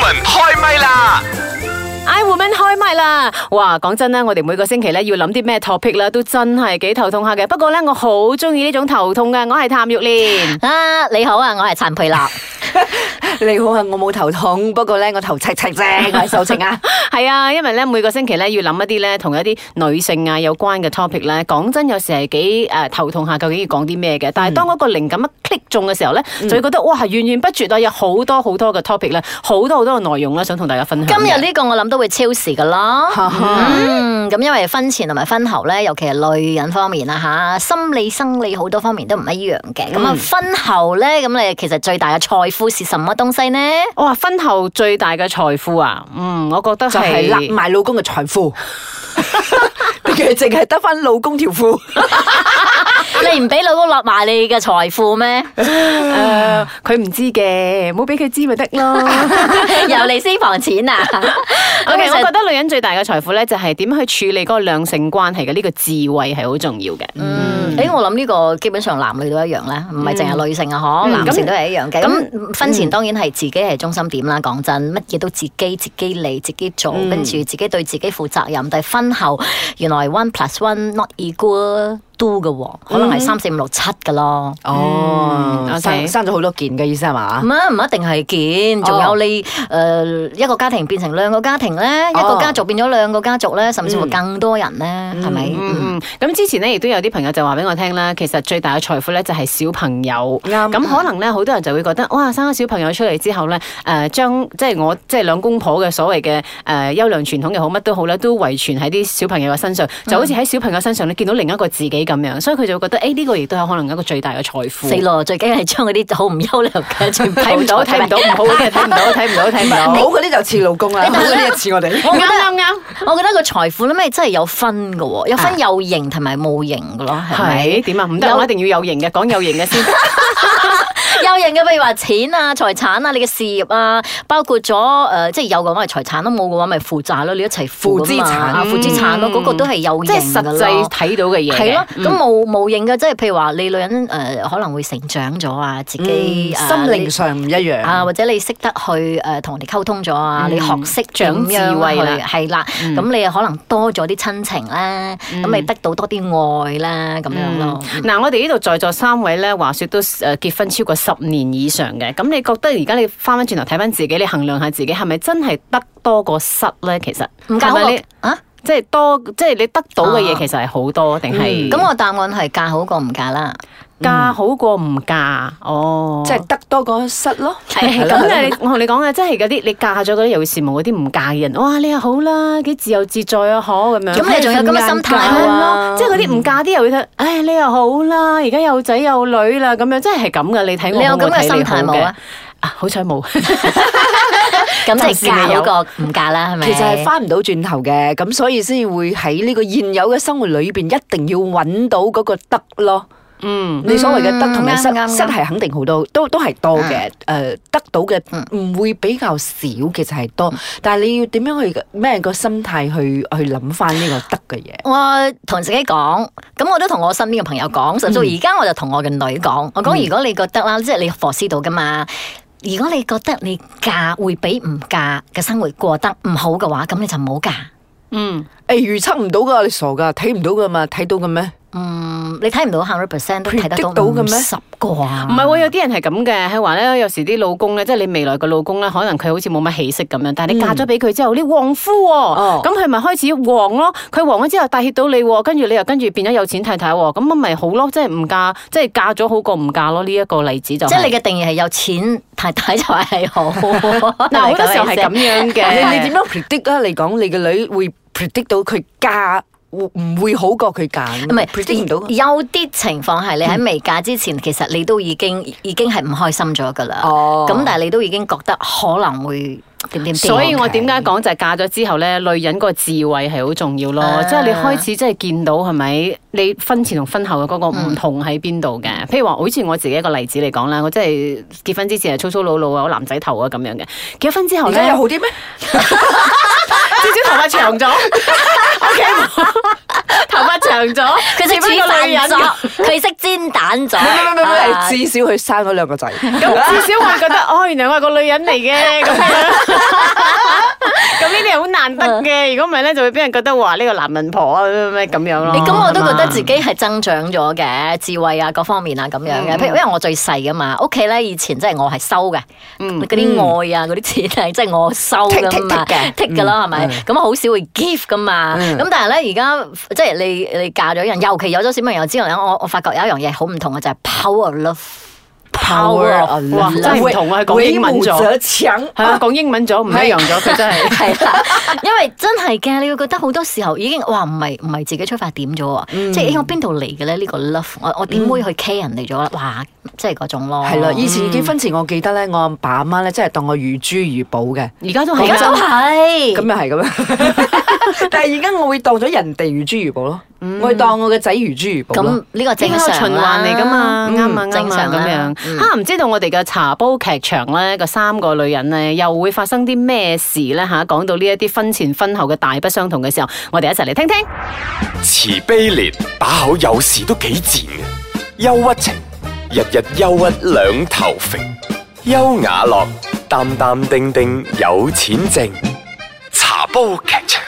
開嘜啦！I Woman 開嘜啦！哇，講真咧，我哋每個星期咧要諗啲咩 topic 啦，都真係幾頭痛下嘅。不過咧，我好中意呢種頭痛嘅，我係譚玉蓮啊！你好啊，我係陳佩樂。 你好啊，我冇頭痛，不過咧我頭赤赤啫，我受情啊，係 啊，因為咧每個星期咧要諗一啲咧同一啲女性啊有關嘅 topic 咧，講真有時係幾誒頭痛下，究竟要講啲咩嘅？但係當嗰個靈感一 click 中嘅時候咧，嗯、就會覺得哇源源不絕啊，有好多好多嘅 topic 咧，好多好多嘅內容啦，想同大家分享。今日呢個我諗都會超時噶啦，咁、 嗯、因為婚前同埋婚後咧，尤其係女人方面啊吓，心理生理好多方面都唔一樣嘅。咁啊婚後咧，咁你其實最大嘅財富。會是什麼東西呢？我話婚後最大嘅財富啊，嗯，我覺得就係甩埋老公嘅財富，淨係得翻老公條褲。 你唔俾老公落埋你嘅財富咩？佢唔、呃、知嘅，冇俾佢知咪得咯？又嚟 私房錢啊！我 Okay, 其實 我覺得女人最大嘅財富咧，就係點去處理嗰個兩性關係嘅呢、這個智慧係好重要嘅。嗯，誒、嗯欸，我諗呢個基本上男女都一樣啦，唔係淨係女性啊，嗬、嗯，男性都係一樣嘅。咁、嗯、那婚前當然係自己係中心點啦，講真，乜嘢都自己、嗯、自己嚟，自己做，跟住自己對自己負責任。但係婚後，原來 one plus one not equal。都嘅喎，mm. 可能係三四五六七㗎囉。哦 Ooh, okay.，生生咗好多件嘅意思係嘛？唔一定係件，仲、oh. 有你誒、呃、一個家庭變成兩個家庭咧，一個家族變咗兩個家族咧，甚至乎更多人咧，係咪、mm？咁之前咧亦都有啲朋友就話俾我聽啦。其實最大嘅財富咧就係小朋友。啱。咁可能咧，好多人就會覺得，哇，生咗小朋友出嚟之後咧，誒、呃，將即係我即係、вот, 兩公婆嘅所謂嘅誒優良傳統嘅好乜都好咧，都遺傳喺啲小朋友嘅身上，就好似喺小朋友身上你、mm hmm. 見到另一個自己。咁樣，所以佢就會覺得，誒、欸、呢、這個亦都有可能一個最大嘅財富。死咯，最緊係將嗰啲好唔優良嘅，睇唔到，睇唔 到，唔好嘅，睇唔到，睇唔到，睇唔到。你好，嗰啲、啊、就似老公啦。你覺得似 我哋啱唔啱？我覺得個財富咧，咩真係有分嘅喎，有分有型同埋冇型嘅咯，係咪？點 啊？唔得，我一定要有型嘅，講有型嘅先。 嘅，譬如話錢啊、財產啊、你嘅事業啊，包括咗誒，即係有嘅話財產，都冇嘅話咪負債咯，你一齊負資產啊，負資產咯，個都係有形嘅。即係實際睇到嘅嘢。係咯，咁冇冇形嘅，即係譬如話你女人誒可能會成長咗啊，自己心靈上唔一樣啊，或者你識得去誒同人哋溝通咗啊，你學識長智慧係啦，咁你可能多咗啲親情啦，咁你得到多啲愛啦，咁樣咯。嗱，我哋呢度在座三位咧，話說都誒結婚超過十年。年以上嘅，咁你覺得而家你翻翻轉頭睇翻自己，你衡量下自己係咪真係得多過失咧？其實唔加覺啊，即係多，即係你得到嘅嘢其實係好多定係？咁、啊是嗯、我答案係嫁好過唔嫁啦。嫁好過唔嫁哦，即係得多過失咯。咁 你，我同 你講嘅，即係嗰啲你嫁咗嗰啲，又會羨慕嗰啲唔嫁嘅人。哇，你又好啦，幾自由自在啊，嗬、啊，咁樣。咁你仲有咁嘅心態啊？ 即係嗰啲唔嫁啲，又會睇，唉、哎，你又好啦，而家有仔有女啦，咁樣真係咁噶。你睇你，你有咁嘅心態冇啊？好彩冇。咁即係嫁好過唔嫁啦，係咪？其實係翻唔到轉頭嘅，咁所以先會喺呢個現有嘅生活裏邊，一定要揾到嗰個得咯。嗯，你所謂嘅得同埋失，嗯嗯嗯嗯、失係肯定好多，都都係多嘅。誒、嗯，得到嘅唔會比較少，其實係多。嗯、但係你要點樣去咩個心態去去諗翻呢個得嘅嘢？我同自己講，咁我都同我身邊嘅朋友講，甚至而家我就同我嘅女講，我講，如果你覺得啦，嗯、即係你佛師到噶嘛，如果你覺得你嫁會比唔嫁嘅生活過得唔好嘅話，咁你就唔好嫁。嗯、誒、欸，預測唔到噶，你傻噶，睇唔到噶嘛，睇到嘅咩？嗯，你睇唔到 percentage 都睇得到嘅咩？十個啊，唔係喎，有啲人係咁嘅，係話咧，有時啲老公咧，即、就、係、是、你未來嘅老公咧，可能佢好似冇乜起色咁樣，但係你嫁咗俾佢之後，啲旺、嗯、夫哦，咁佢咪開始旺咯，佢旺咗之後帶挈到你，跟住你又跟住變咗有錢太太，咁咪好咯，即係唔嫁，即係嫁咗好過唔嫁咯。呢、這、一個例子就是、即係你嘅定義係有錢太太就係好，嗱好 多時候係咁樣嘅。 你你點樣 predict 咧嚟講，你個女會 predict 到佢嫁？會唔會好過佢揀？唔係、呃呃、有啲情況係你喺未嫁之前，嗯、其實你都已經已經係唔開心咗噶啦。哦，咁但係你都已經覺得可能會。所以我點解講就係嫁咗之後咧，女人嗰個智慧係好重要咯，即係你開始真係見到係咪你婚前同婚後嘅嗰個唔同喺邊度嘅？譬如話好似我自己一個例子嚟講啦，我真係結婚之前係粗粗魯魯啊，男仔頭啊咁樣嘅，結婚之後咧，又好啲咩？至少頭髮長咗，OK，頭髮長咗，佢識人咗，佢識煎蛋咗。至少佢生咗兩個仔，咁至少我覺得哦，原來我係個女人嚟嘅咁樣。咁呢啲係好難得嘅，如果唔係咧，就會俾人覺得話呢、呢個男人婆咁樣咯。咁我都覺得自己係增長咗嘅智慧啊，各方面啊咁樣嘅。譬如因為我最細噶嘛，屋企咧以前真係我係收嘅，嗰啲、嗯、愛啊，嗰啲、嗯、錢係即係我收咁啊嘅，take 噶啦係咪？咁好少會 give 噶嘛。咁但係咧而家即係你你嫁咗人，尤其有咗小朋友之後咧，我我發覺有一樣嘢好唔同嘅就係、是、power love。Power 真係唔同啊，係講英文咗，係啊，講英文咗，唔一樣咗，佢真係，係啊，因為真係嘅，你會覺得好多時候已經，哇，唔係唔係自己出發點咗啊，即係我邊度嚟嘅咧？呢個 love，我我點會去 care 人哋咗咧？哇，即係嗰種咯，係啦，以前結婚前我記得咧，我阿爸阿媽咧，真係當我如珠如寶嘅，而家都係，而家都係，咁又係咁樣。但係而家我會當咗人哋如珠如寶咯，嗯、我會當我嘅仔如珠如寶咁呢個正常、啊、循環嚟噶嘛？啱唔啱正常咁、啊啊、樣。哈唔、嗯、知道我哋嘅茶煲劇場咧，個三個女人咧又會發生啲咩事咧？吓，講到呢一啲婚前婚後嘅大不相同嘅時候，我哋一齊嚟聽聽。慈悲劣把口有時都幾賤，憂鬱情日日憂鬱兩頭肥，優雅樂淡淡定定有錢剩，茶煲劇場。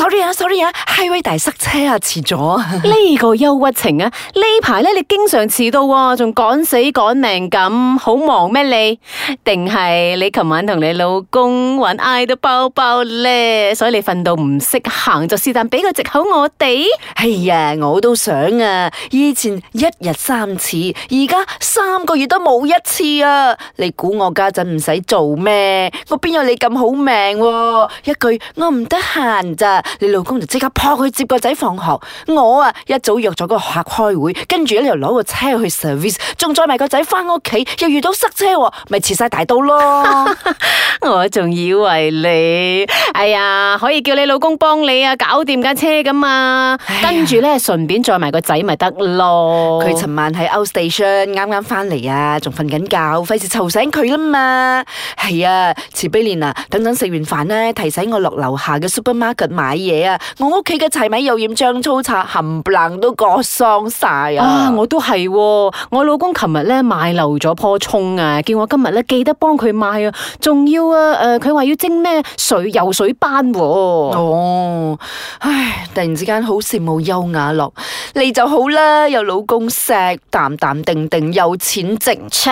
sorry 啊，sorry 啊，係 highway 大塞車啊，遲咗。呢 個憂鬱情啊，呢排咧你經常遲到，仲趕死趕命咁，好忙咩你？定係你琴晚同你老公玩嗌到爆爆咧，所以你瞓到唔識行就是但俾個藉口我哋。哎呀，我都想啊，以前一日三次，而家三個月都冇一次啊。你估我家陣唔使做咩？我邊有你咁好命、啊？一句我唔得閒咋？你老公就即刻撲去接個仔放學，我啊一早約咗個客開會，跟住咧又攞個車去 service，仲載埋個仔翻屋企，又遇到塞車，咪遲晒大到咯。 我仲以為你哎呀，可以叫你老公幫你啊，搞掂架車噶嘛，跟住咧順便載埋個仔咪得咯。佢尋晚喺 outstation 啱啱翻嚟啊，仲瞓緊覺，費事吵醒佢啦嘛。係、哎、啊，慈悲蓮啊，等等食完飯咧，提醒我落樓下嘅 supermarket 買嘢啊，啊！我屋企嘅柴米油鹽醬醋茶冚唪唥都割喪晒啊！我都係，我老公琴日咧買漏咗棵蔥啊，叫我今日咧記得幫佢買啊，仲要啊誒，佢、呃、話要蒸咩水游水斑喎、啊。哦，唉。突然之間好羨慕邱雅樂，你就好啦，有老公錫，淡淡定定，有錢淨出，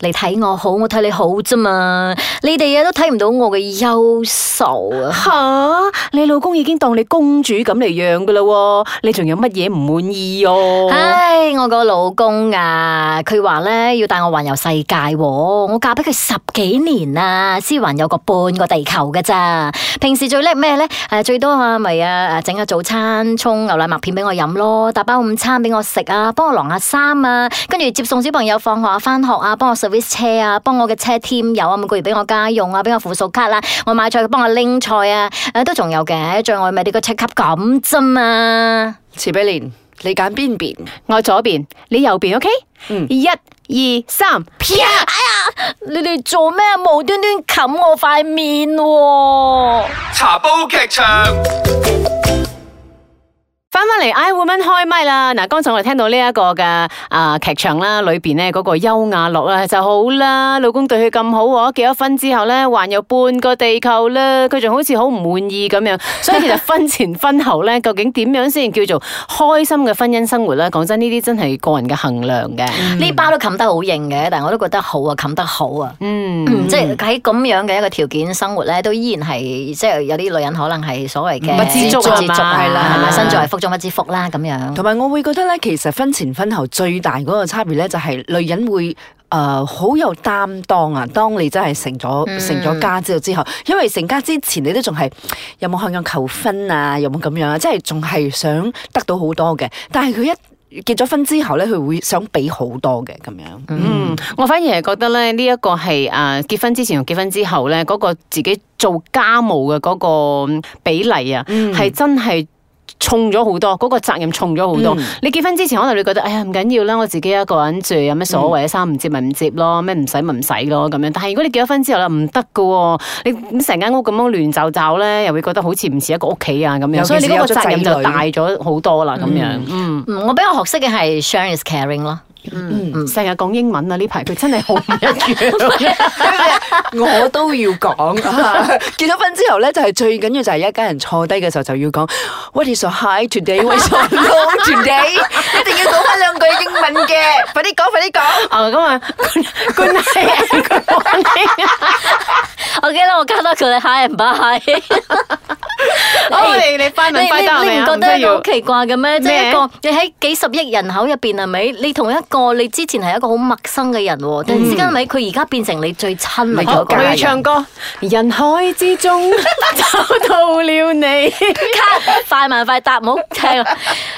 你睇我好，我睇你好啫嘛。你哋啊都睇唔到我嘅優秀啊！吓，你老公已經當你公主咁嚟養噶啦，你仲有乜嘢唔滿意哦、啊？唉，hey, 我個老公啊，佢話咧要帶我環遊世界，我嫁俾佢十幾年啦，先環遊個半個地球噶咋。平時最叻咩咧？誒，最多啊咪啊整一做。午餐沖牛奶麥片俾我飲咯，打包午餐俾我食啊，幫我晾下衫啊，跟住接送小朋友放學啊、返學啊，幫我 service 車啊，幫我嘅車添油啊，每個月俾我家用啊，俾我附屬卡啦，我買菜佢幫我拎菜啊，誒都仲有嘅，最後咪呢個七級咁咋嘛？慈悲連你揀邊邊？我左邊，你右邊，OK？一二三，啪！哎呀，你哋做咩無端端冚我塊面？茶煲劇場。翻翻嚟，Iwoman 開麥啦！嗱，剛才我哋聽到呢一個嘅啊劇場啦，裏邊咧嗰個優雅樂咧就好啦。老公對佢咁好喎，結咗婚之後咧，還有半個地球啦，佢仲好似好唔滿意咁樣。說 所以其實婚前婚後咧，究竟點樣先叫做開心嘅婚姻生活咧？講真，呢啲真係個人嘅衡量嘅。呢、嗯、包都冚得好型嘅，但係我都覺得好啊，冚得好啊。嗯，嗯即係喺咁樣嘅一個條件生活咧，都依然係即係有啲女人可能係所謂嘅知足啊嘛吧，身在福中。乜之福啦咁樣，同埋我會覺得咧，其實婚前婚後最大嗰個差別咧，就係女人會誒好、呃、有擔當啊。當你真係成咗、嗯、成咗家之後之後，因為成家之前你都仲係有冇向佢求婚啊，有冇咁樣啊？即係仲係想得到好多嘅。但係佢一結咗婚之後咧，佢會想俾好多嘅咁樣。嗯，嗯我反而係覺得咧，呢一個係誒結婚之前同結婚之後咧，嗰個自己做家務嘅嗰個比例啊，係真係。重咗好多，嗰、嗰個責任重咗好多。Mm. 你結婚之前可能你覺得，哎呀唔緊要啦，我自己一個人住有咩所謂？衫唔、mm. 接咪唔接咯，咩唔使咪唔使咯咁樣。但係如果你結咗婚之後啦，唔得噶喎，你成間屋咁樣亂就就咧，又會覺得好似唔似一個屋企啊咁樣。其所以你嗰個責任就大咗好多啦咁樣。嗯，mm. mm. 我比較學識嘅係 sharing is caring 咯。嗯，成日講英文啊！呢排佢真係好唔一樣 是是，我都要講、啊。結咗婚之後咧，就係、是、最緊要就係一家人坐低嘅時候就要講 What is high today? Why so low today？ 一定要講翻兩句英文嘅 ，快啲講，快啲講。好，咁啊，滾蛋，滾蛋，滾蛋。O K，我記得我加多佢哋 hi and bye 你你你你你唔覺得好奇怪嘅咩？即係一個你喺幾十億人口入邊係咪？你同一個你之前係一個好陌生嘅人，突然之間咪佢而家變成你最親密嘅人？佢唱歌《人海之中》找到了你，快慢快答，唔好聽。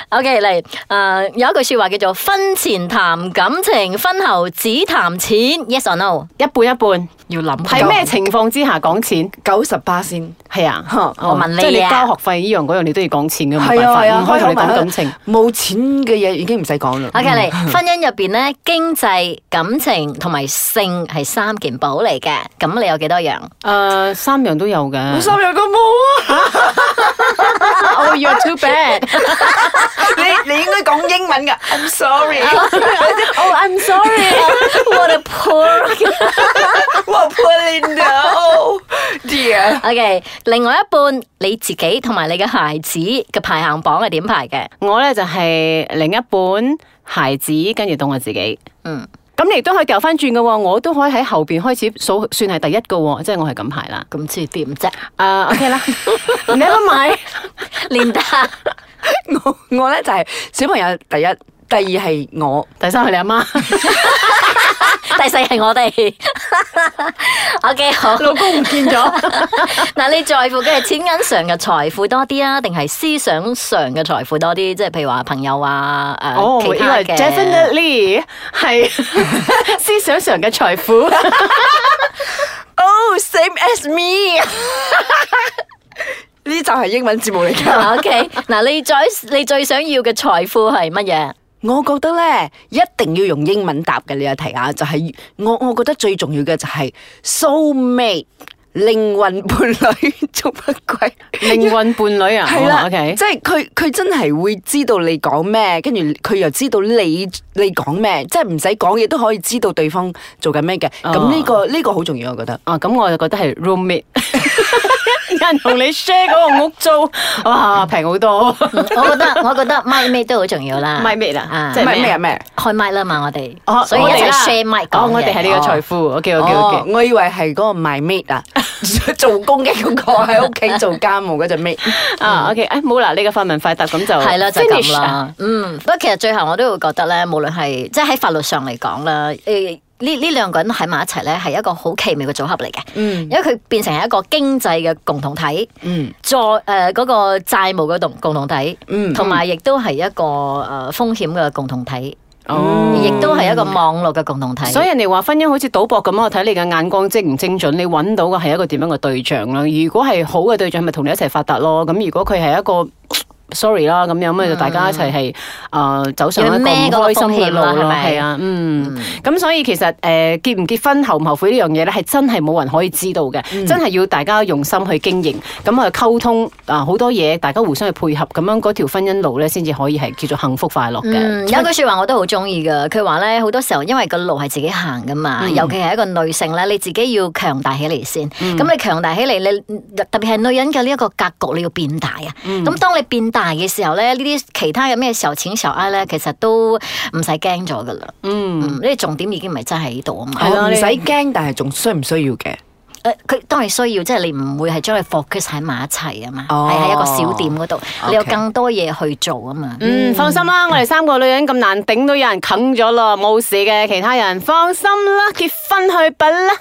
OK，嚟誒，有一句說話叫做婚前談感情，婚後只談錢。Yes or no？一半一半，要諗喺咩情況之下講錢？九十八先。係啊，呵我問你、啊、即係你交學費呢樣嗰樣，你都要講錢嘅，冇辦法，唔可以同你講感情。冇錢嘅嘢，已經唔使講啦。OK，Kerry，婚姻入邊咧，經濟、感情同埋性係三件寶嚟嘅。咁你有幾多樣？誒、呃，三樣都有嘅。三樣都冇啊 ！Oh, you're too bad. 講英文㗎，I'm sorry。哦，I'm sorry。What a poor，what a poor lady，no，dear。OK，另外一半你自己同埋你嘅孩子嘅排行榜係點排嘅？我咧就係另一半孩子，跟住到我自己。嗯，咁你亦都可以掉翻轉嘅喎，我都可以喺後邊開始數，算係第一個喎，即係我係咁排啦。咁至點啫？啊，OK 啦，Never mind，Linda。 我我咧就係、是、小朋友，第一、第二係我，第三係你阿媽， 第四係我哋。 o、okay, K，好，老公唔見咗。嗱 你在乎嘅係錢銀上嘅財富多啲啊，定係思想上嘅財富多啲？即係譬如話朋友啊，誒、呃，oh, 其他嘅。Oh, definitely 係 思想上嘅財富。哦、 oh, same as me. 就係英文字母嚟㗎。O K，嗱，你最你最想要嘅財富係乜嘢？我覺得咧，一定要用英文答嘅你個提一下，就係、是、我我覺得最重要嘅就係、是、Soulmate 靈魂伴侶 做乜什麼鬼？ 靈魂伴侶啊 啦？O、okay. K，即係佢佢真係會知道你講咩，跟住佢又知道你你講咩，即係唔使講嘢都可以知道對方做緊咩嘅。咁呢、oh. 這個呢、這個好重要，我覺得。啊、oh, 嗯，咁我就覺得係 roommate。Oh, 嗯人同你 share 嗰個屋租啊，平好多。我覺得我覺得 my maid 都好重要啦。my maid 啦？即係咩啊？咩開咪啦嘛？我哋，所以一齊 share 咪講嘢。哦，我哋係呢個財富。OK，OK，OK。我以為係嗰個 my maid 啊？做工嘅嗰個喺屋企做家務嗰隻 maid 啊？OK，誒，冇啦，呢個發明快達咁就係啦，就咁啦。嗯，不過其實最後我都會覺得咧，無論係即係喺法律上嚟講啦，誒。呢呢兩個人喺埋一齊咧，係一個好奇妙嘅組合嚟嘅。嗯，因為佢變成係一個經濟嘅共同體，嗯，債誒、呃那個債務嘅共共同體，嗯，同埋亦都係一個誒風險嘅共同體，哦、嗯，亦都係一個網絡嘅共同體。嗯、所以人哋話婚姻好似賭博咁，我睇你嘅眼光精唔精準，你揾到嘅係一個點樣嘅對象啦。如果係好嘅對象，咪同你一齊發達咯。咁如果佢係一個。Sorry 啦，咁樣咁就大家一齊係，誒走上一個開心嘅路啦，係啊，嗯，咁所以其實誒結唔結婚後唔後悔呢樣嘢咧，係真係冇人可以知道嘅，真係要大家用心去經營，咁啊溝通啊好多嘢，大家互相去配合，咁樣嗰條婚姻路咧，先至可以係叫做幸福快樂嘅。有句說話我都好中意噶，佢話咧，好多時候因為個路係自己行噶嘛，尤其係一個女性咧，你自己要強大起嚟先，咁你強大起嚟，你特別係女人嘅呢一個格局你要變大啊，咁當你變大。大嘅時候咧，呢啲，其他嘅咩時候錢時候挨咧，嗯、其實都唔使驚咗噶啦。嗯，呢啲重點已經唔係真係喺度啊嘛。係咯、哦，唔使驚，但係仲需唔需要嘅？誒、啊，佢當然需要，即、就、係、是、你唔會係將佢 focus 喺埋一齊啊嘛。哦，喺一個小店嗰度，okay. 你有更多嘢去做啊嘛。嗯，嗯，放心啦，okay. 我哋三個女人咁難頂都有人啃咗咯，冇事嘅。其他人放心啦，結婚去辦啦。